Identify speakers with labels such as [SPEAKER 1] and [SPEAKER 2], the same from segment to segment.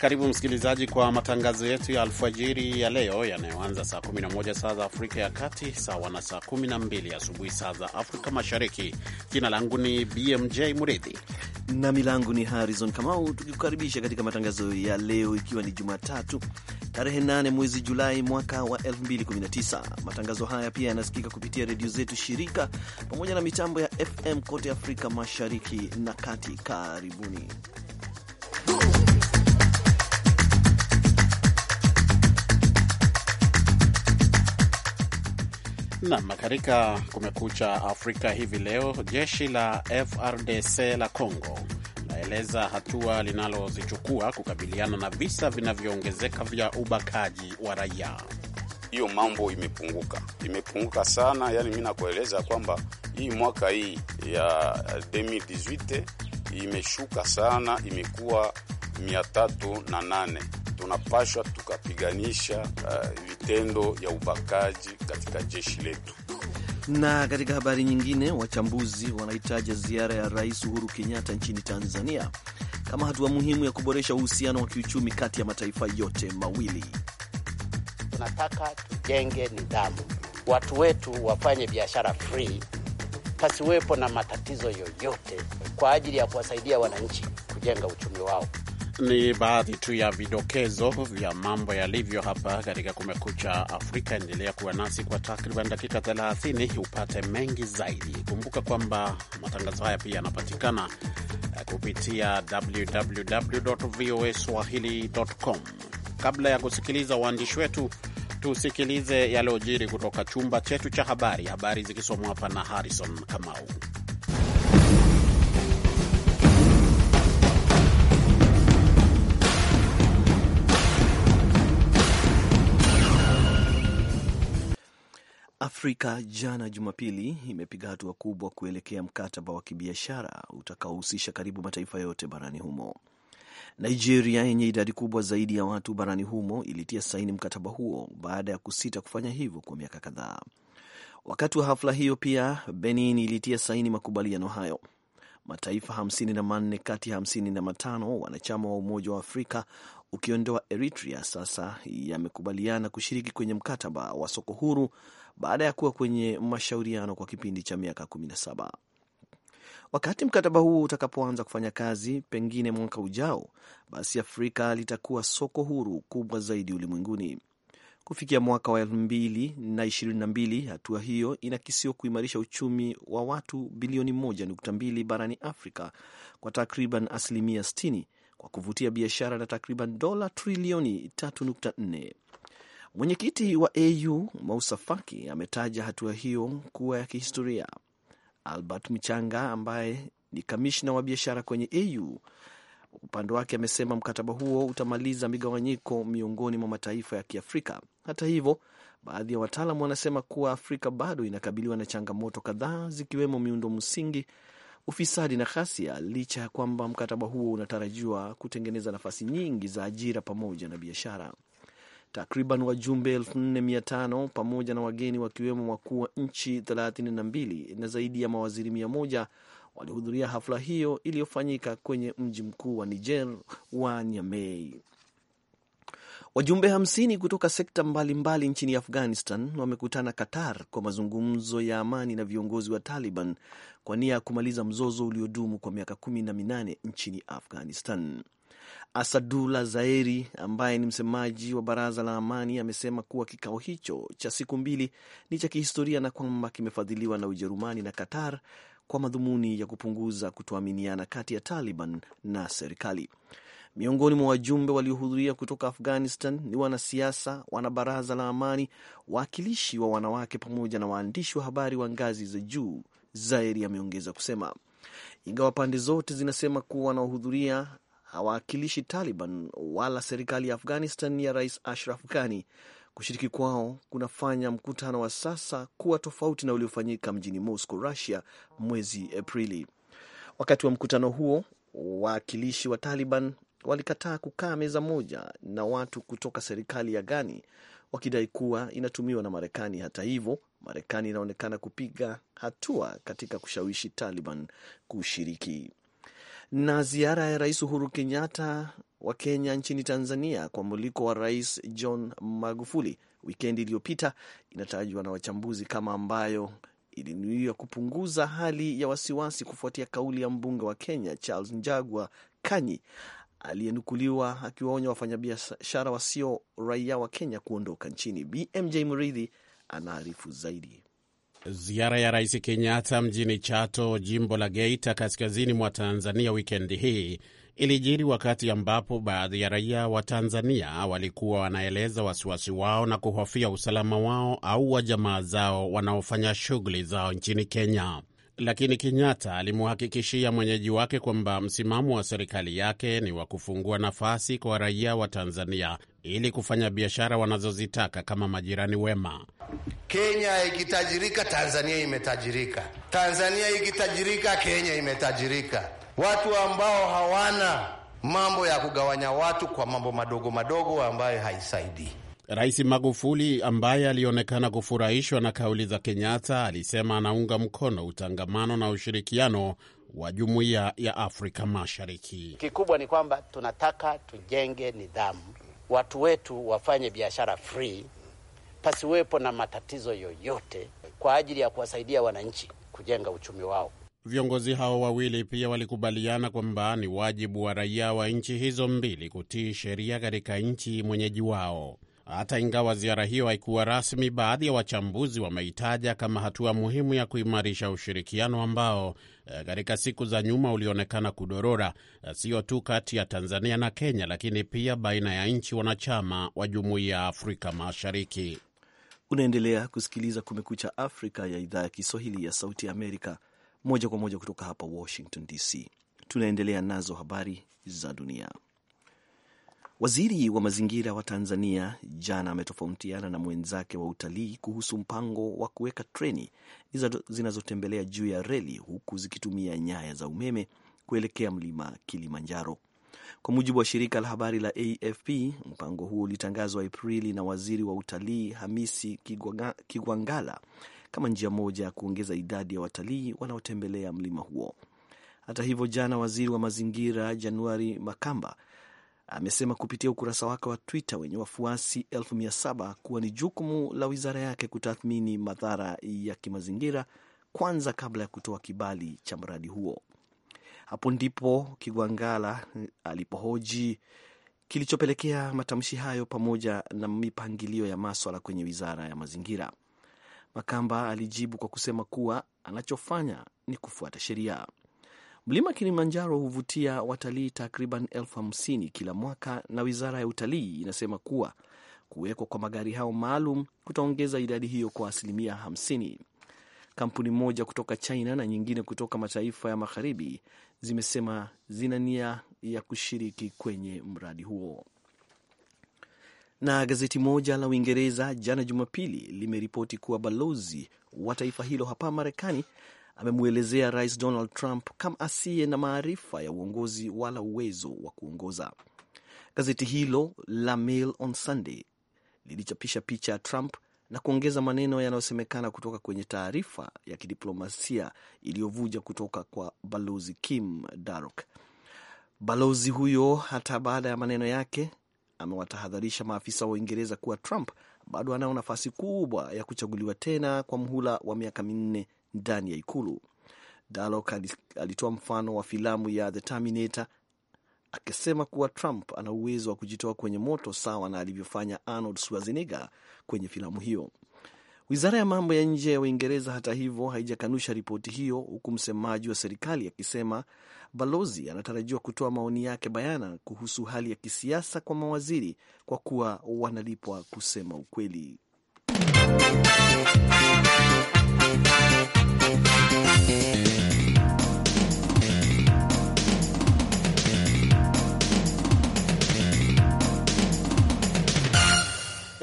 [SPEAKER 1] Karibu msikilizaji kwa matangazo yetu ya alfajiri ya leo yanayoanza saa 11 saa za Afrika ya Kati, sawa na saa 12 asubuhi saa za Afrika Mashariki.
[SPEAKER 2] Jina langu ni BMJ mridhi na milangu ni Harrison Kamau, tukikukaribisha katika matangazo ya leo, ikiwa ni Jumatatu tarehe 8 mwezi Julai mwaka wa 2019. Matangazo haya pia yanasikika kupitia redio zetu shirika pamoja na mitambo ya FM kote Afrika Mashariki na Kati. Karibuni
[SPEAKER 1] Nam, katika Kumekucha Afrika hivi leo, jeshi la FRDC la Congo laeleza hatua linalozichukua kukabiliana na visa vinavyoongezeka vya ubakaji wa raia.
[SPEAKER 3] Hiyo mambo imepunguka, imepunguka sana. Yani mi nakueleza kwamba hii mwaka hii ya 2018 imeshuka sana, imekuwa 38 na tunapashwa tukapiganisha uh, vitendo ya ubakaji katika jeshi letu.
[SPEAKER 2] Na katika habari nyingine, wachambuzi wanahitaja ziara ya Rais Uhuru Kenyatta nchini Tanzania kama hatua muhimu ya kuboresha uhusiano wa kiuchumi kati ya mataifa yote mawili.
[SPEAKER 1] Tunataka tujenge nidhamu, watu wetu wafanye biashara free, pasiwepo na matatizo yoyote, kwa ajili ya kuwasaidia wananchi kujenga uchumi wao. Ni baadhi tu ya vidokezo vya mambo yalivyo hapa katika Kumekucha Afrika. Endelea kuwa nasi kwa takriban dakika 30 upate mengi zaidi. Kumbuka kwamba matangazo haya pia yanapatikana eh, kupitia www voa swahili.com. Kabla ya kusikiliza waandishi wetu, tusikilize yaliyojiri kutoka chumba chetu cha habari, habari zikisomwa hapa na Harrison Kamau.
[SPEAKER 2] Afrika jana Jumapili imepiga hatua kubwa kuelekea mkataba wa kibiashara utakaohusisha karibu mataifa yote barani humo. Nigeria yenye idadi kubwa zaidi ya watu barani humo ilitia saini mkataba huo baada ya kusita kufanya hivyo kwa miaka kadhaa. Wakati wa hafla hiyo pia, Benin ilitia saini makubaliano hayo. Mataifa hamsini na manne kati ya hamsini na matano wanachama wa Umoja wa Afrika ukiondoa Eritrea, sasa yamekubaliana kushiriki kwenye mkataba wa soko huru baada ya kuwa kwenye mashauriano kwa kipindi cha miaka 17. Wakati mkataba huo utakapoanza kufanya kazi, pengine mwaka ujao, basi Afrika litakuwa soko huru kubwa zaidi ulimwenguni. Kufikia mwaka wa mbili hatua hiyo inakisiwa kuimarisha uchumi wa watu bilioni 1.2 barani Afrika kwa takriban asilimia kwa kuvutia biashara na takriban dola trilioni 3.4. Mwenyekiti wa AU Moussa Faki ametaja hatua hiyo kuwa ya kihistoria. Albert Michanga ambaye ni kamishna wa biashara kwenye AU upande wake amesema mkataba huo utamaliza migawanyiko miongoni mwa mataifa ya Kiafrika. Hata hivyo, baadhi ya wataalamu wanasema kuwa Afrika bado inakabiliwa na changamoto kadhaa, zikiwemo miundo msingi ufisadi na ghasia, licha ya kwamba mkataba huo unatarajiwa kutengeneza nafasi nyingi za ajira pamoja na biashara. Takriban wajumbe 4500 pamoja na wageni wakiwemo wakuu wa nchi 32 na zaidi ya mawaziri 100 walihudhuria hafla hiyo iliyofanyika kwenye mji mkuu wa Niger wa Niamey. Wajumbe 50 kutoka sekta mbalimbali mbali nchini Afghanistan wamekutana Qatar kwa mazungumzo ya amani na viongozi wa Taliban kwa nia ya kumaliza mzozo uliodumu kwa miaka kumi na minane nchini Afghanistan. Asadullah zairi ambaye ni msemaji wa baraza la amani amesema kuwa kikao hicho cha siku mbili ni cha kihistoria na kwamba kimefadhiliwa na Ujerumani na Qatar kwa madhumuni ya kupunguza kutoaminiana kati ya Taliban na serikali. Miongoni mwa wajumbe waliohudhuria kutoka Afghanistan ni wanasiasa, wanabaraza la amani, waakilishi wa wanawake pamoja na waandishi wa habari wa ngazi za juu, Zairi ameongeza kusema. Ingawa pande zote zinasema kuwa wanaohudhuria hawaakilishi Taliban wala serikali ya Afghanistan ya Rais Ashraf Ghani, kushiriki kwao kunafanya mkutano wa sasa kuwa tofauti na uliofanyika mjini Moscow, Russia mwezi Aprili. Wakati wa mkutano huo, waakilishi wa Taliban walikataa kukaa meza moja na watu kutoka serikali ya gani wakidai kuwa inatumiwa na Marekani. Hata hivyo, Marekani inaonekana kupiga hatua katika kushawishi Taliban kushiriki. Na ziara ya Rais Uhuru Kenyatta wa Kenya nchini Tanzania kwa mwaliko wa Rais John Magufuli wikendi iliyopita inatajwa na wachambuzi kama ambayo ilinuia kupunguza hali ya wasiwasi kufuatia kauli ya mbunge wa Kenya Charles Njagua Kanyi aliyenukuliwa akiwaonya wafanyabiashara wasio raia wa Kenya kuondoka nchini. BMJ Mridhi anaarifu zaidi.
[SPEAKER 1] Ziara ya Rais Kenyatta mjini Chato, jimbo la Geita, kaskazini mwa Tanzania wikendi hii ilijiri wakati ambapo baadhi ya raia wa Tanzania walikuwa wanaeleza wasiwasi wao na kuhofia usalama wao au wa jamaa zao wanaofanya shughuli zao nchini Kenya lakini Kenyatta alimhakikishia mwenyeji wake kwamba msimamo wa serikali yake ni wa kufungua nafasi kwa raia wa Tanzania ili kufanya biashara wanazozitaka kama majirani wema.
[SPEAKER 4] Kenya ikitajirika, Tanzania imetajirika. Tanzania ikitajirika, Kenya imetajirika. Watu ambao hawana mambo ya kugawanya watu kwa mambo madogo madogo ambayo haisaidii
[SPEAKER 1] Rais Magufuli ambaye alionekana kufurahishwa na kauli za Kenyatta alisema anaunga mkono utangamano na ushirikiano wa jumuiya ya Afrika Mashariki. Kikubwa ni kwamba tunataka tujenge nidhamu, watu wetu wafanye biashara free, pasiwepo na matatizo yoyote, kwa ajili ya kuwasaidia wananchi kujenga uchumi wao. Viongozi hao wawili pia walikubaliana kwamba ni wajibu wa raia wa nchi hizo mbili kutii sheria katika nchi mwenyeji wao. Hata ingawa ziara hiyo haikuwa rasmi, baadhi ya wachambuzi wameitaja kama hatua muhimu ya kuimarisha ushirikiano ambao eh, katika siku za nyuma ulionekana kudorora, eh, sio tu kati ya Tanzania na Kenya, lakini pia baina ya nchi wanachama wa Jumuiya ya Afrika Mashariki.
[SPEAKER 2] Unaendelea kusikiliza Kumekucha Afrika ya idhaa ya Kiswahili ya Sauti ya Amerika, moja kwa moja kutoka hapa Washington DC. Tunaendelea nazo habari za dunia. Waziri wa mazingira wa Tanzania jana ametofautiana na mwenzake wa utalii kuhusu mpango wa kuweka treni zinazotembelea juu ya reli huku zikitumia nyaya za umeme kuelekea mlima Kilimanjaro. Kwa mujibu wa shirika la habari la AFP, mpango huo ulitangazwa Aprili na waziri wa utalii Hamisi kigwangala kama njia moja ya kuongeza idadi ya watalii wanaotembelea mlima huo. Hata hivyo, jana waziri wa mazingira Januari Makamba amesema kupitia ukurasa wake wa Twitter wenye wafuasi elfu mia saba kuwa ni jukumu la wizara yake kutathmini madhara ya kimazingira kwanza kabla ya kutoa kibali cha mradi huo. Hapo ndipo Kigwangala alipohoji kilichopelekea matamshi hayo pamoja na mipangilio ya maswala kwenye wizara ya mazingira. Makamba alijibu kwa kusema kuwa anachofanya ni kufuata sheria. Mlima Kilimanjaro huvutia watalii takriban elfu hamsini kila mwaka, na wizara ya utalii inasema kuwa kuwekwa kwa magari hao maalum kutaongeza idadi hiyo kwa asilimia hamsini. Kampuni moja kutoka China na nyingine kutoka mataifa ya magharibi zimesema zina nia ya kushiriki kwenye mradi huo. Na gazeti moja la Uingereza jana Jumapili limeripoti kuwa balozi wa taifa hilo hapa Marekani amemwelezea Rais Donald Trump kama asiye na maarifa ya uongozi wala uwezo wa kuongoza. Gazeti hilo la Mail on Sunday lilichapisha picha ya Trump na kuongeza maneno yanayosemekana kutoka kwenye taarifa ya kidiplomasia iliyovuja kutoka kwa balozi Kim Darok. Balozi huyo hata baada ya maneno yake amewatahadharisha maafisa wa Uingereza kuwa Trump bado anao nafasi kubwa ya kuchaguliwa tena kwa mhula wa miaka minne ndani ya Ikulu. Dalok alitoa mfano wa filamu ya The Terminator akisema kuwa Trump ana uwezo wa kujitoa kwenye moto sawa na alivyofanya Arnold Schwarzenegger kwenye filamu hiyo. Wizara ya mambo ya nje ya Uingereza hata hivyo haijakanusha ripoti hiyo, huku msemaji wa serikali akisema balozi anatarajiwa kutoa maoni yake bayana kuhusu hali ya kisiasa kwa mawaziri kwa kuwa wanalipwa kusema ukweli.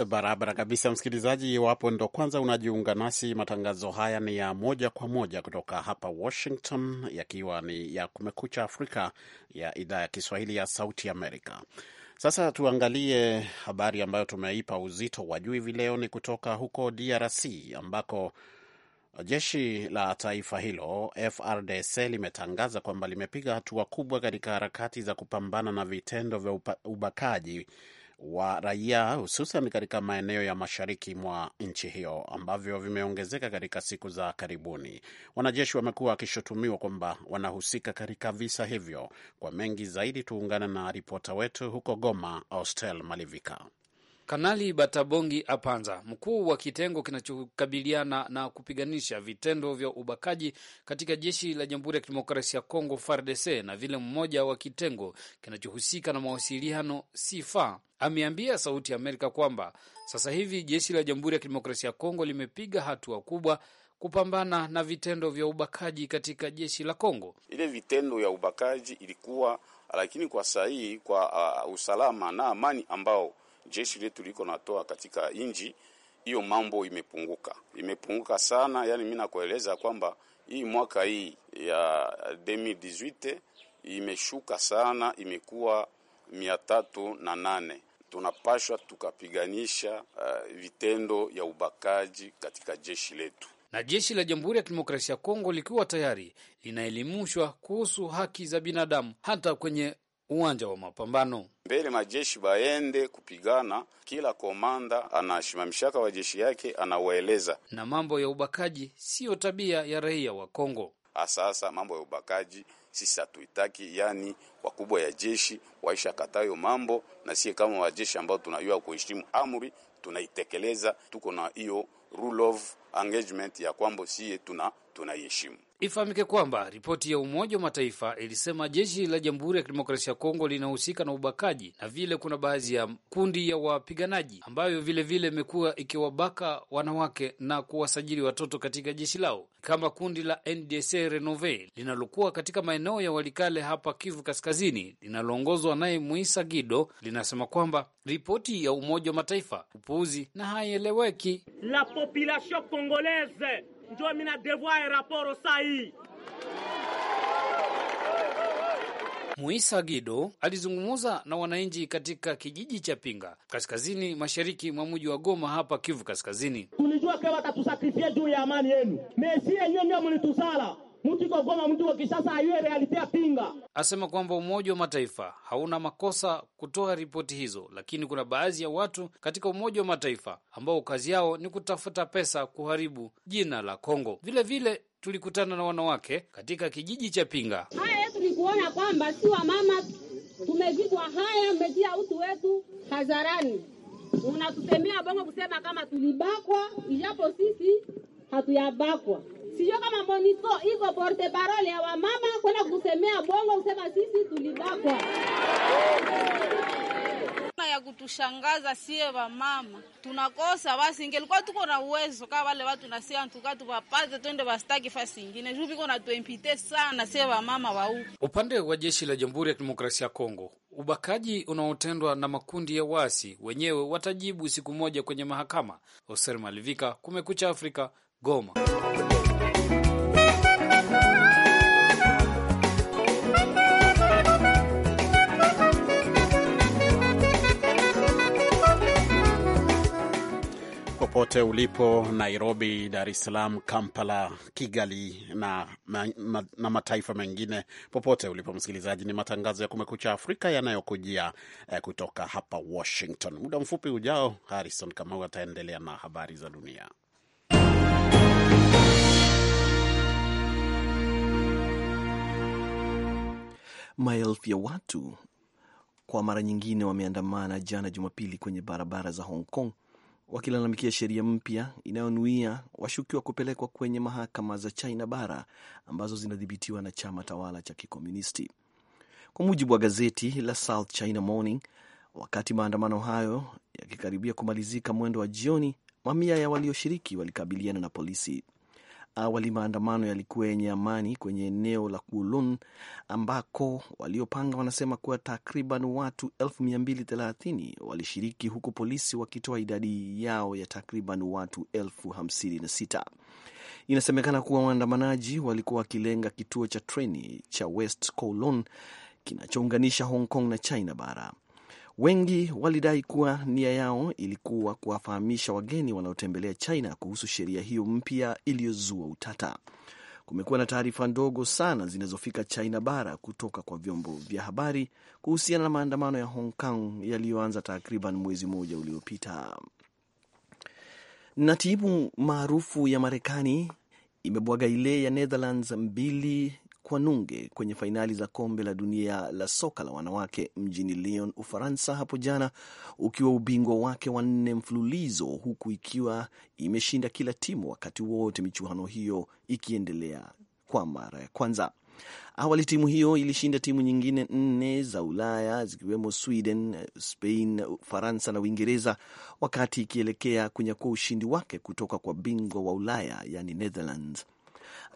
[SPEAKER 1] Barabara kabisa, msikilizaji. Iwapo ndo kwanza unajiunga nasi, matangazo haya ni ya moja kwa moja kutoka hapa Washington, yakiwa ni ya Kumekucha Afrika ya idhaa ya Kiswahili ya Sauti Amerika. Sasa tuangalie habari ambayo tumeipa uzito wa juu hivi leo, ni kutoka huko DRC ambako Jeshi la taifa hilo FRDC limetangaza kwamba limepiga hatua kubwa katika harakati za kupambana na vitendo vya ubakaji wa raia hususan katika maeneo ya mashariki mwa nchi hiyo ambavyo vimeongezeka katika siku za karibuni. Wanajeshi wamekuwa wakishutumiwa kwamba wanahusika katika visa hivyo. Kwa mengi zaidi, tuungane na ripota wetu huko
[SPEAKER 5] Goma, Austel Malivika. Kanali Batabongi Apanza, mkuu wa kitengo kinachokabiliana na kupiganisha vitendo vya ubakaji katika jeshi la Jamhuri ya Kidemokrasia ya Kongo, FARDC, na vile mmoja wa kitengo kinachohusika na mawasiliano SIFA, ameambia Sauti ya Amerika kwamba sasa hivi jeshi la Jamhuri ya Kidemokrasia ya Kongo limepiga hatua kubwa kupambana na vitendo vya ubakaji katika jeshi la Kongo.
[SPEAKER 3] Ile vitendo ya ubakaji ilikuwa, lakini kwa sahihi kwa uh, usalama na amani ambao jeshi letu liko natoa katika inji hiyo, mambo imepunguka, imepunguka sana. Yani mimi nakueleza kwamba hii mwaka hii ya 2018 imeshuka sana, imekuwa mia tatu na nane. Tunapashwa tukapiganisha uh, vitendo ya ubakaji
[SPEAKER 5] katika jeshi letu na jeshi la Jamhuri ya Kidemokrasia ya Kongo likiwa tayari linaelimishwa kuhusu haki za binadamu hata kwenye uwanja wa mapambano
[SPEAKER 3] mbele majeshi baende kupigana. Kila komanda anashimamishaka wajeshi yake anawaeleza,
[SPEAKER 5] na mambo ya ubakaji siyo tabia ya raia wa Kongo.
[SPEAKER 3] Asasa ah, mambo ya ubakaji sisi hatuitaki, yani wakubwa ya jeshi waisha katayo mambo, na sie kama wajeshi ambao tunajua kuheshimu amri tunaitekeleza. Tuko na hiyo rule of engagement ya kwamba sie tuna tunaiheshimu
[SPEAKER 5] Ifahamike kwamba ripoti ya Umoja wa Mataifa ilisema jeshi la Jamhuri ya Kidemokrasia ya Kongo linahusika na ubakaji na vile kuna baadhi ya kundi ya wapiganaji ambayo vilevile imekuwa ikiwabaka wanawake na kuwasajili watoto katika jeshi lao, kama kundi la NDC Renove linalokuwa katika maeneo ya Walikale hapa Kivu Kaskazini, linaloongozwa naye Muisa Gido, linasema kwamba ripoti ya Umoja wa Mataifa upuuzi na haieleweki la population congolaise njo mina devoir raporo sai. Muisa Gido alizungumza na wananchi katika kijiji cha Pinga kaskazini mashariki mwa mji wa Goma hapa Kivu Kaskazini. Tulijua
[SPEAKER 6] kwa watatusakrifia juu ya amani yenu, mesie nyiwe ndio mlitusala mtu iko Goma, mtu wa
[SPEAKER 5] Kishasa ayue realitea pinga. Asema kwamba Umoja wa Mataifa hauna makosa kutoa ripoti hizo, lakini kuna baadhi ya watu katika Umoja wa Mataifa ambao kazi yao ni kutafuta pesa kuharibu jina la Kongo. Vilevile tulikutana na wanawake katika kijiji cha Pinga. Haya yetu ni kuona kwamba si wamama tumevitwa haya, mmetia utu wetu hadharani, unatusemea bongo kusema kama tulibakwa, ijapo sisi hatuyabakwa. Sio kama Moniso iko porte parole ya wamama kwenda kusemea bongo kusema sisi tulibakwa ya kutushangaza sie wamama tunakosa basi, ingelikuwa tuko na uwezo kama wale watu na sie antuka tupapate twende bastaki fasi ingine juu viko na tuempite sana sie wamama wa huko. Upande wa jeshi la Jamhuri ya Kidemokrasia ya Kongo, ubakaji unaotendwa na makundi ya wasi wenyewe watajibu siku moja kwenye mahakama. Hoser Malivika, Kumekucha Afrika, Goma.
[SPEAKER 1] popote ulipo Nairobi, Dar es Salaam, Kampala, Kigali na, ma, na mataifa mengine, popote ulipo msikilizaji, ni matangazo ya Kumekucha Afrika yanayokujia eh, kutoka hapa Washington. Muda mfupi ujao, Harrison Kamau ataendelea na habari za dunia.
[SPEAKER 2] Maelfu ya watu kwa mara nyingine wameandamana jana Jumapili kwenye barabara za Hong Kong wakilalamikia sheria mpya inayonuia washukiwa kupelekwa kwenye mahakama za China bara ambazo zinadhibitiwa na chama tawala cha Kikomunisti, kwa mujibu wa gazeti la South China Morning. Wakati maandamano hayo yakikaribia kumalizika mwendo wa jioni, mamia ya walioshiriki walikabiliana na polisi. Awali maandamano yalikuwa yenye amani kwenye eneo la Kulun ambako waliopanga wanasema kuwa takriban watu 230 walishiriki huku polisi wakitoa idadi yao ya takriban watu 56. Inasemekana kuwa waandamanaji walikuwa wakilenga kituo cha treni cha West Kowloon kinachounganisha Hong Kong na China bara. Wengi walidai kuwa nia yao ilikuwa kuwafahamisha wageni wanaotembelea China kuhusu sheria hiyo mpya iliyozua utata. Kumekuwa na taarifa ndogo sana zinazofika China bara kutoka kwa vyombo vya habari kuhusiana na maandamano ya Hong Kong yaliyoanza takriban mwezi mmoja uliopita. na timu maarufu ya Marekani imebwaga ile ya Netherlands mbili nunge kwenye fainali za kombe la dunia la soka la wanawake mjini Lyon, Ufaransa hapo jana, ukiwa ubingwa wake wa nne mfululizo, huku ikiwa imeshinda kila timu wakati wote michuano hiyo ikiendelea kwa mara ya kwanza. Awali timu hiyo ilishinda timu nyingine nne za Ulaya zikiwemo Sweden, Spain, Faransa na Uingereza, wakati ikielekea kunyakua ushindi wake kutoka kwa bingwa wa Ulaya yani Netherlands.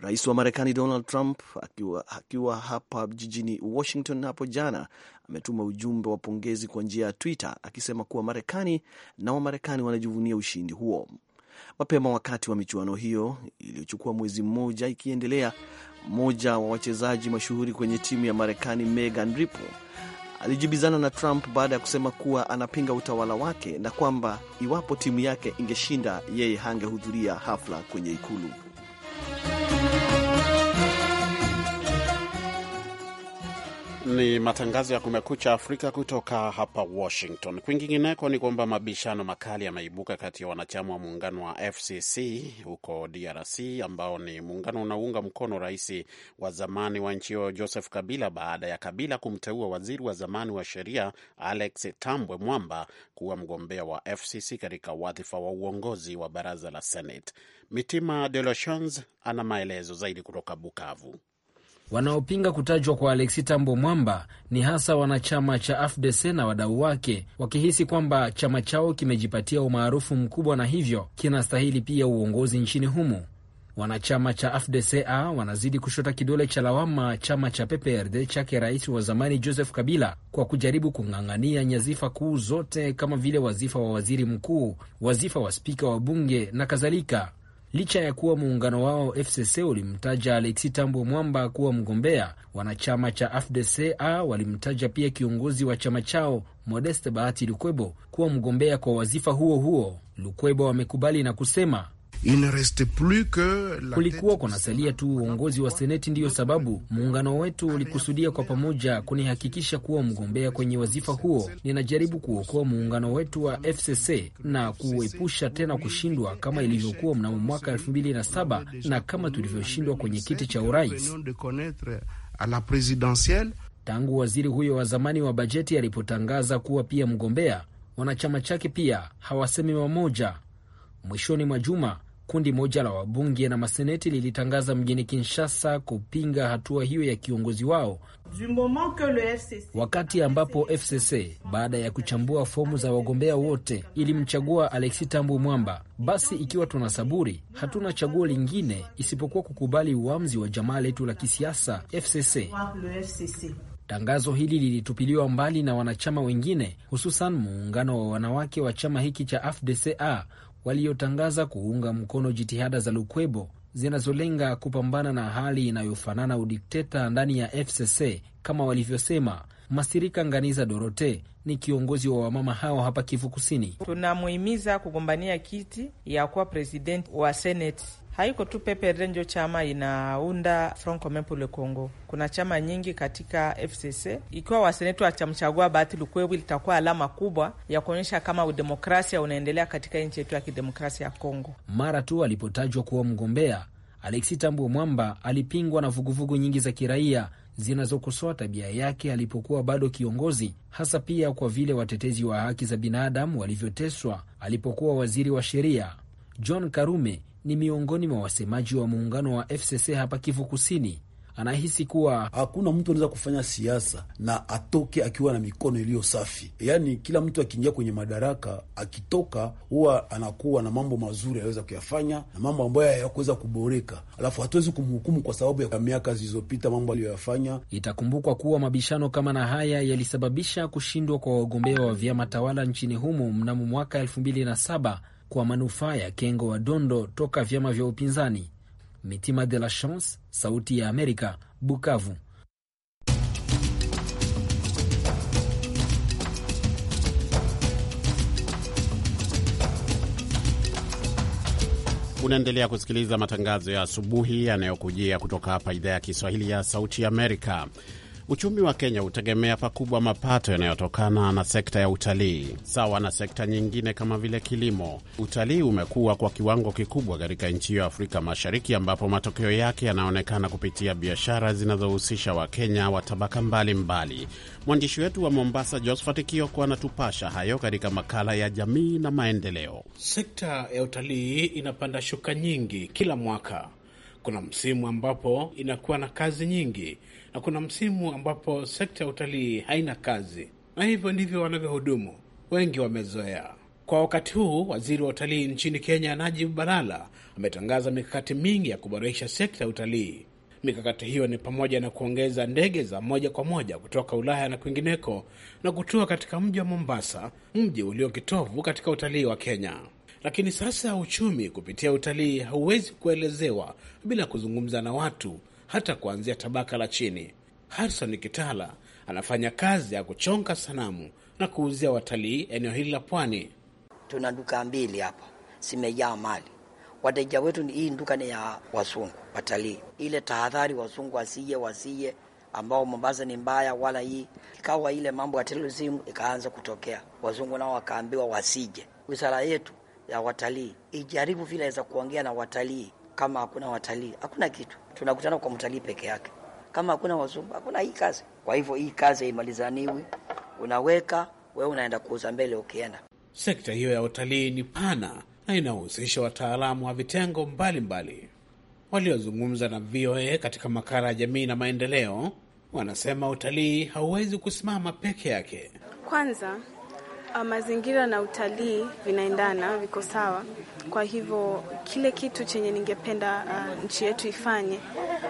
[SPEAKER 2] Rais wa Marekani Donald Trump akiwa, akiwa hapa jijini Washington hapo jana ametuma ujumbe wa pongezi kwa njia ya Twitter akisema kuwa Marekani na Wamarekani wanajivunia ushindi huo. Mapema wakati wa michuano hiyo iliyochukua mwezi mmoja ikiendelea, mmoja wa wachezaji mashuhuri kwenye timu ya Marekani Megan Rapinoe alijibizana na Trump baada ya kusema kuwa anapinga utawala wake na kwamba iwapo timu yake ingeshinda yeye hangehudhuria hafla kwenye ikulu.
[SPEAKER 1] Ni matangazo ya Kumekucha Afrika kutoka hapa Washington. Kwingineko ni kwamba mabishano makali yameibuka kati ya wanachama wa muungano wa FCC huko DRC, ambao ni muungano unaounga mkono rais wa zamani wa nchi hiyo Joseph Kabila, baada ya Kabila kumteua waziri wa zamani wa sheria Alex Tambwe Mwamba kuwa mgombea wa FCC katika wadhifa wa uongozi wa baraza la Senate. Mitima De Lachans ana maelezo zaidi kutoka Bukavu.
[SPEAKER 6] Wanaopinga kutajwa kwa Alexi Tambo Mwamba ni hasa wanachama cha AFDC na wadau wake, wakihisi kwamba chama chao kimejipatia umaarufu mkubwa na hivyo kinastahili pia uongozi nchini humo. Wanachama cha AFDCA wanazidi kushota kidole cha lawama chama cha PPRD chake rais wa zamani Joseph Kabila kwa kujaribu kung'ang'ania nyazifa kuu zote kama vile wazifa wa waziri mkuu, wazifa wa spika wa bunge na kadhalika licha ya kuwa muungano wao FCC ulimtaja Aleksi Tambo Mwamba kuwa mgombea. Wanachama cha AFDCA walimtaja pia kiongozi wa chama chao Modeste Bahati Lukwebo kuwa mgombea kwa wazifa huo huo. Lukwebo amekubali na kusema kulikuwa kunasalia tu uongozi wa Seneti. Ndiyo sababu muungano wetu ulikusudia kwa pamoja kunihakikisha kuwa mgombea kwenye wazifa huo. Ninajaribu kuokoa muungano wetu wa FCC na kuepusha tena kushindwa kama ilivyokuwa mnamo mwaka 2007 na kama tulivyoshindwa kwenye kiti cha urais. Tangu waziri huyo wa zamani wa bajeti alipotangaza kuwa pia mgombea, wanachama chake pia hawasemi mamoja. Mwishoni mwa juma Kundi moja la wabunge na maseneti lilitangaza mjini Kinshasa kupinga hatua hiyo ya kiongozi wao wakati ambapo FCC baada ya kuchambua fomu za wagombea wote ilimchagua Alexi Tambu Mwamba. Basi ikiwa tuna saburi, hatuna chaguo lingine isipokuwa kukubali uamuzi wa jamaa letu la kisiasa FCC. Tangazo hili lilitupiliwa mbali na wanachama wengine, hususan muungano wa wanawake wa chama hiki cha FDCA waliotangaza kuunga mkono jitihada za Lukwebo zinazolenga kupambana na hali inayofanana udikteta ndani ya FCC kama walivyosema. Masirika Nganiza Dorote ni kiongozi wa wamama hao hapa Kivu Kusini. Tunamuhimiza kugombania kiti ya kuwa presidenti wa seneti haiko tu PPRD ndio chama inaunda Front Commun pour le Congo. Kuna chama nyingi katika FCC. Ikiwa waseneta watamchagua Bahati Lukwebo, litakuwa alama kubwa ya kuonyesha kama udemokrasia unaendelea katika nchi yetu ya kidemokrasia ya congo Mara tu alipotajwa kuwa mgombea, Alexi Tambo Mwamba alipingwa na vuguvugu nyingi za kiraia zinazokosoa tabia yake alipokuwa bado kiongozi, hasa pia kwa vile watetezi wa haki za binadamu walivyoteswa alipokuwa waziri wa sheria. John Karume ni miongoni mwa wasemaji wa muungano wa FCC hapa Kivu Kusini. Anahisi kuwa
[SPEAKER 7] hakuna mtu anaweza kufanya siasa na atoke akiwa na mikono iliyo safi. Yaani, kila mtu akiingia kwenye madaraka, akitoka huwa anakuwa na mambo mazuri anaweza kuyafanya na mambo ambayo hayakuweza kuboreka, alafu hatuwezi kumhukumu kwa sababu ya miaka zilizopita mambo
[SPEAKER 6] aliyoyafanya. Itakumbukwa kuwa mabishano kama na haya yalisababisha kushindwa kwa wagombea wa vyama tawala nchini humo mnamo mwaka elfu mbili na saba kwa manufaa ya Kengo wa Dondo toka vyama vya upinzani. Mitima de la Chance, Sauti ya Amerika, Bukavu.
[SPEAKER 1] Unaendelea kusikiliza matangazo ya asubuhi yanayokujia kutoka hapa idhaa ya Kiswahili ya Sauti ya Amerika. Uchumi wa Kenya hutegemea pakubwa mapato yanayotokana na sekta ya utalii, sawa na sekta nyingine kama vile kilimo. Utalii umekuwa kwa kiwango kikubwa katika nchi hiyo ya Afrika Mashariki, ambapo matokeo yake yanaonekana kupitia biashara zinazohusisha Wakenya wa tabaka mbalimbali. Mwandishi wetu wa Mombasa, Josphat Kioko, anatupasha hayo katika makala ya jamii na maendeleo.
[SPEAKER 7] Sekta ya utalii inapanda shuka nyingi kila mwaka kuna msimu ambapo inakuwa na kazi nyingi na kuna msimu ambapo sekta ya utalii haina kazi, na hivyo ndivyo wanavyohudumu. Wengi wamezoea. Kwa wakati huu, waziri wa utalii nchini Kenya, Najib Balala, ametangaza mikakati mingi ya kuboresha sekta ya utalii. Mikakati hiyo ni pamoja na kuongeza ndege za moja kwa moja kutoka Ulaya na kwingineko na kutua katika mji wa Mombasa, mji ulio kitovu katika utalii wa Kenya. Lakini sasa uchumi kupitia utalii hauwezi kuelezewa bila kuzungumza na watu, hata kuanzia tabaka la chini. Harison Kitala anafanya kazi ya kuchonga sanamu na kuuzia watalii eneo hili la pwani. Tuna duka mbili hapa zimejaa mali.
[SPEAKER 6] Wateja wetu hii duka ni ya wazungu watalii, ile tahadhari wazungu wasije wasije ambao Mombasa ni mbaya, wala hii ikawa ile mambo ya terrorism ikaanza kutokea, wazungu nao wakaambiwa wasije. Wizara yetu ya watalii, ijaribu vile inaweza kuongea na watalii. Kama hakuna watalii, hakuna kitu, tunakutana kwa mtalii peke yake. Kama hakuna wazungu, hakuna hii kazi. Kwa hivyo hii kazi haimalizaniwi, unaweka wewe, unaenda kuuza mbele. Ukienda
[SPEAKER 7] sekta hiyo ya utalii ni pana na inahusisha wataalamu wa vitengo mbalimbali. Waliozungumza na VOA katika makala ya jamii na maendeleo wanasema utalii hauwezi kusimama peke yake.
[SPEAKER 5] Kwanza Ah, mazingira na utalii vinaendana, viko sawa. Kwa hivyo kile kitu chenye ningependa uh, nchi yetu ifanye,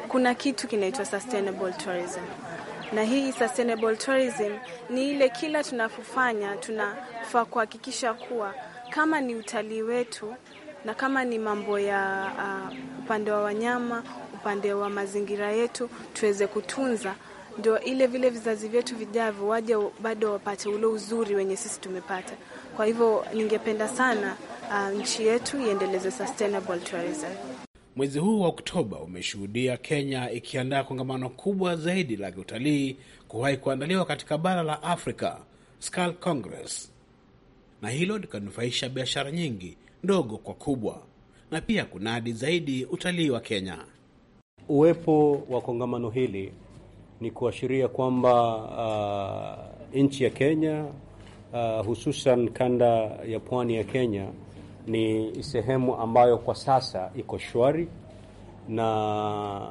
[SPEAKER 5] kuna kitu kinaitwa sustainable tourism, na hii sustainable tourism ni ile kila tunafufanya tunafaa kuhakikisha kuwa kama ni utalii wetu na kama ni mambo ya uh, upande wa wanyama, upande wa mazingira yetu tuweze kutunza ndio ile vile vizazi vyetu vijavyo waje bado wapate ule uzuri wenye sisi tumepata. Kwa hivyo ningependa sana uh, nchi yetu iendeleze sustainable tourism.
[SPEAKER 7] Mwezi huu wa Oktoba umeshuhudia Kenya ikiandaa kongamano kubwa zaidi la kiutalii kuwahi kuandaliwa katika bara la Afrika, Skal Congress, na hilo likanufaisha biashara nyingi ndogo kwa kubwa, na pia kunadi zaidi utalii wa Kenya. Uwepo wa kongamano hili
[SPEAKER 4] ni kuashiria kwamba uh, nchi ya Kenya uh, hususan kanda ya pwani ya Kenya ni sehemu ambayo kwa sasa iko shwari na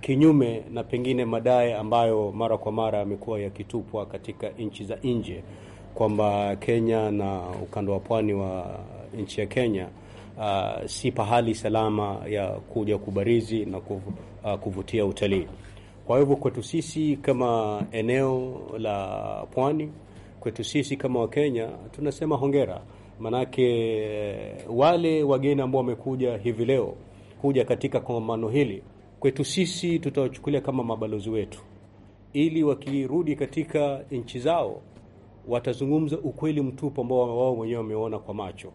[SPEAKER 4] kinyume na pengine madai ambayo mara kwa mara yamekuwa yakitupwa katika nchi za nje kwamba Kenya na ukanda wa pwani wa nchi ya Kenya uh, si pahali salama ya kuja kubarizi na uh, kuvutia utalii. Kwa hivyo kwetu sisi kama eneo la pwani, kwetu sisi kama Wakenya tunasema hongera, manake eh, wale wageni ambao wamekuja hivi leo kuja katika kongamano hili, kwetu sisi tutawachukulia kama mabalozi wetu, ili wakirudi katika nchi zao watazungumza ukweli mtupu ambao wao wenyewe wameona kwa macho.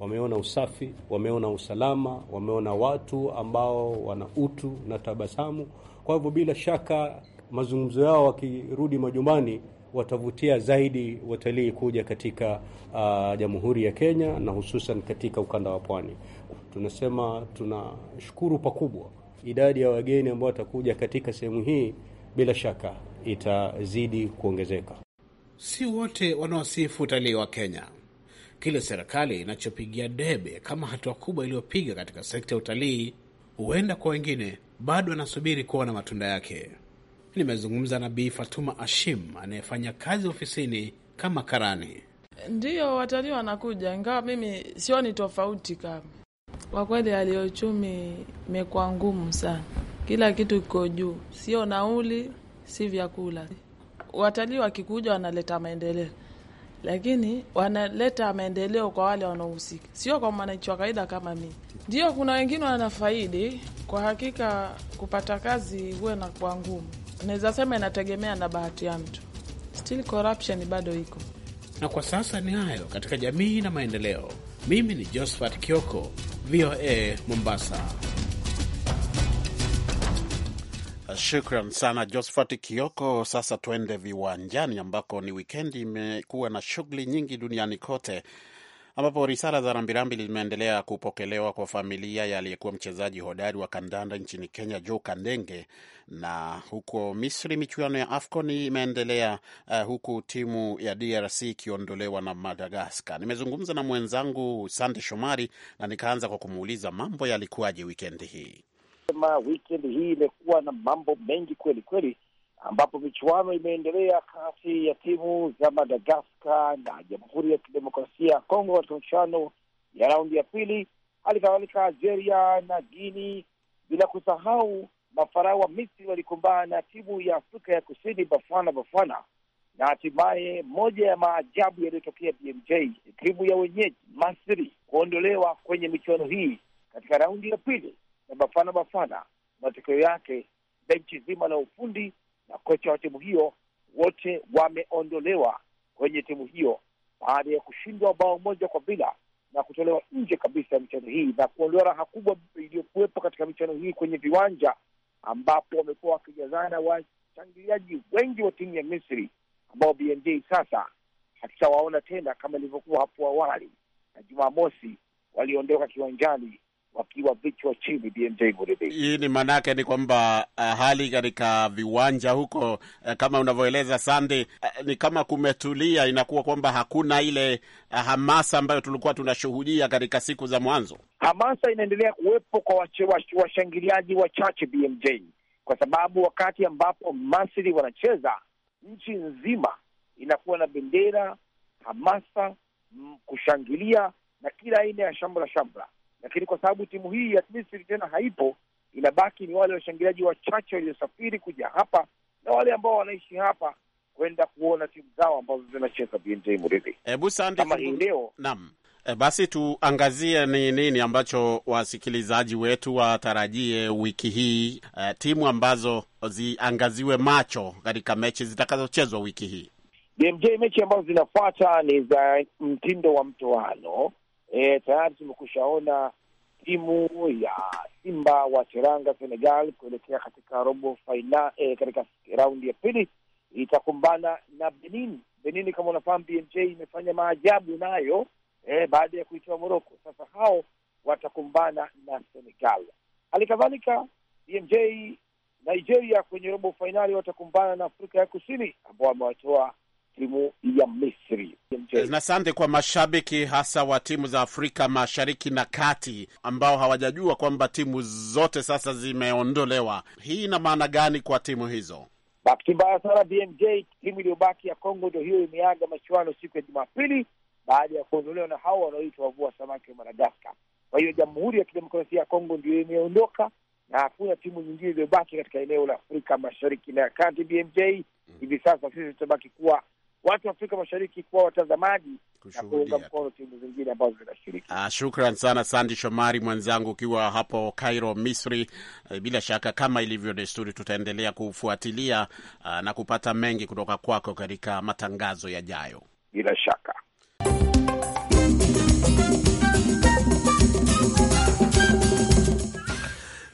[SPEAKER 4] Wameona usafi, wameona usalama, wameona watu ambao wana utu na tabasamu kwa hivyo bila shaka mazungumzo yao wakirudi majumbani watavutia zaidi watalii kuja katika uh, Jamhuri ya Kenya na hususan katika ukanda wa pwani. Tunasema tunashukuru pakubwa idadi ya wageni ambao watakuja katika sehemu hii, bila shaka itazidi kuongezeka.
[SPEAKER 7] Si wote wanaosifu utalii wa Kenya. Kile serikali inachopigia debe kama hatua kubwa iliyopiga katika sekta ya utalii, huenda kwa wengine bado anasubiri kuona matunda yake. Nimezungumza na Bi Fatuma Ashim anayefanya kazi ofisini kama karani. Ndiyo, watalii wanakuja, ingawa mimi sioni tofauti kama kwa kweli, hali ya uchumi imekuwa ngumu sana, kila kitu kiko juu, sio nauli, si vyakula. Watalii wakikuja wanaleta maendeleo, lakini wanaleta maendeleo kwa wale wanaohusika, sio kwa mwananchi wa kawaida kama mimi. Ndio, kuna wengine wanafaidi kwa hakika. Kupata kazi huwe na kwa ngumu, naweza sema inategemea na bahati ya mtu. Still corruption bado iko. Na kwa sasa ni hayo katika jamii na maendeleo. Mimi ni Josephat Kioko, VOA Mombasa. Shukran sana Josphat
[SPEAKER 1] Kioko. Sasa tuende viwanjani, ambako ni wikendi imekuwa na shughuli nyingi duniani kote, ambapo risala za rambirambi limeendelea kupokelewa kwa familia ya aliyekuwa mchezaji hodari wa kandanda nchini Kenya, Joe Kandenge. Na huko Misri michuano ya AFCON imeendelea uh, huku timu ya DRC ikiondolewa na Madagaskar. Nimezungumza na mwenzangu Sande Shomari na nikaanza kwa kumuuliza mambo yalikuwaje wikendi hii
[SPEAKER 8] sema wikendi hii imekuwa na mambo mengi kweli kweli, ambapo michuano imeendelea kati ya timu za Madagaskar na Jamhuri ya Kidemokrasia ya Kongo katika michuano ya raundi ya pili, hali kadhalika Algeria na Guini, bila kusahau mafarao wa Misri walikumbana na timu ya Afrika ya Kusini, Bafana Bafana, na hatimaye moja ya maajabu yaliyotokea BMJ, timu ya wenyeji Masri kuondolewa kwenye michuano hii katika raundi ya pili na Bafana Bafana. Matokeo yake benchi zima la ufundi na kocha wa timu hiyo wote wameondolewa kwenye timu hiyo baada ya kushindwa bao moja kwa bila na kutolewa nje kabisa ya michano hii na kuondoa raha kubwa iliyokuwepo katika michano hii kwenye viwanja ambapo wamekuwa wakijazana washangiliaji wengi wa timu ya Misri ambao BMJ sasa hatutawaona tena kama ilivyokuwa hapo awali. Na Jumamosi waliondoka kiwanjani wakiwa vichwa chini. BMJ Muridhi,
[SPEAKER 1] hii ni maanake ni kwamba uh, hali katika viwanja huko uh, kama unavyoeleza Sande, uh, ni kama kumetulia, inakuwa kwamba hakuna ile uh, hamasa ambayo tulikuwa tunashuhudia katika siku za mwanzo.
[SPEAKER 8] Hamasa inaendelea kuwepo kwa washangiliaji wachache BMJ, kwa sababu wakati ambapo masri wanacheza, nchi nzima inakuwa na bendera, hamasa, kushangilia na kila aina ya shambra shambla lakini kwa sababu timu hii ya Misri tena haipo, inabaki ni wale washangiliaji wachache waliosafiri kuja hapa na wale ambao wanaishi hapa kwenda kuona timu zao ambazo zinacheza. BMJ mridhi
[SPEAKER 1] hebu sande hii leo naam. E, basi tuangazie ni nini ambacho wasikilizaji wetu watarajie wiki hii, e, timu ambazo ziangaziwe macho katika mechi zitakazochezwa wiki hii
[SPEAKER 8] BMJ. Mechi ambazo zinafuata ni za mtindo wa mtoano e, tayari tumekushaona timu ya Simba wa Teranga Senegal kuelekea katika robo faina, e, eh, katika raundi ya pili itakumbana na Benin. Benin kama unafahamu BMJ imefanya maajabu nayo e, baada ya kuitoa Moroko. Sasa hao watakumbana na Senegal. Hali kadhalika BMJ Nigeria kwenye robo fainali watakumbana na Afrika ya Kusini ambao wamewatoa timu ya Misri.
[SPEAKER 1] Eh, na asante kwa mashabiki hasa wa timu za Afrika Mashariki na Kati ambao hawajajua kwamba timu zote sasa zimeondolewa. Hii ina maana gani kwa timu hizo?
[SPEAKER 8] Bahati mbaya sana BMJ, timu iliyobaki ya Kongo ndio hiyo imeaga machuano siku ya Jumapili baada ya kuondolewa na hao wanaoitwa wavua samaki wa Madagaskar. Kwa hiyo Jamhuri ya Kidemokrasia ya Kongo ndio imeondoka na hakuna timu nyingine iliyobaki katika eneo la Afrika Mashariki na Kati. BMJ, hivi sasa sisi tutabaki kuwa watu wa Afrika Mashariki kuwa watazamaji na mkono timu zingine ambazo zinashiriki.
[SPEAKER 1] Ah, shukran sana Sandi Shomari mwenzangu, ukiwa hapo Cairo, Misri. Eh, bila shaka kama ilivyo desturi, tutaendelea kufuatilia ah, na kupata mengi kutoka kwako katika matangazo yajayo,
[SPEAKER 8] bila shaka.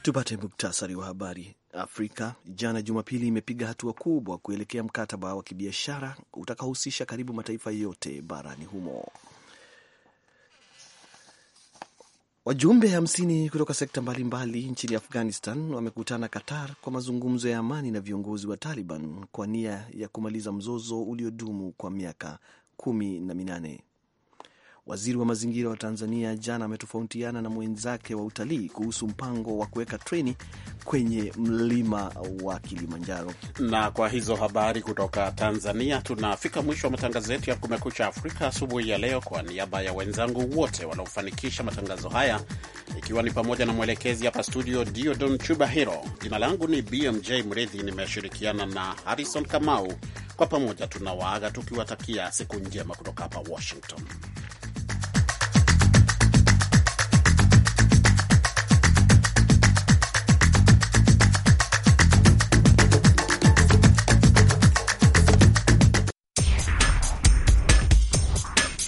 [SPEAKER 2] Tupate muktasari wa habari. Afrika jana Jumapili imepiga hatua kubwa kuelekea mkataba wa kibiashara utakaohusisha karibu mataifa yote barani humo. Wajumbe hamsini kutoka sekta mbalimbali mbali nchini Afghanistan wamekutana Qatar kwa mazungumzo ya amani na viongozi wa Taliban kwa nia ya kumaliza mzozo uliodumu kwa miaka kumi na minane. Waziri wa mazingira wa Tanzania jana ametofautiana na mwenzake wa utalii kuhusu mpango wa kuweka treni kwenye mlima wa Kilimanjaro. Na
[SPEAKER 1] kwa hizo habari kutoka Tanzania, tunafika mwisho wa matangazo yetu ya Kumekucha Afrika asubuhi ya leo. Kwa niaba ya wenzangu wote wanaofanikisha matangazo haya, ikiwa ni pamoja na mwelekezi hapa studio Diodon Chubahiro, jina langu ni BMJ Mridhi, nimeshirikiana na Harrison Kamau. Kwa pamoja tunawaaga tukiwatakia siku njema kutoka hapa Washington.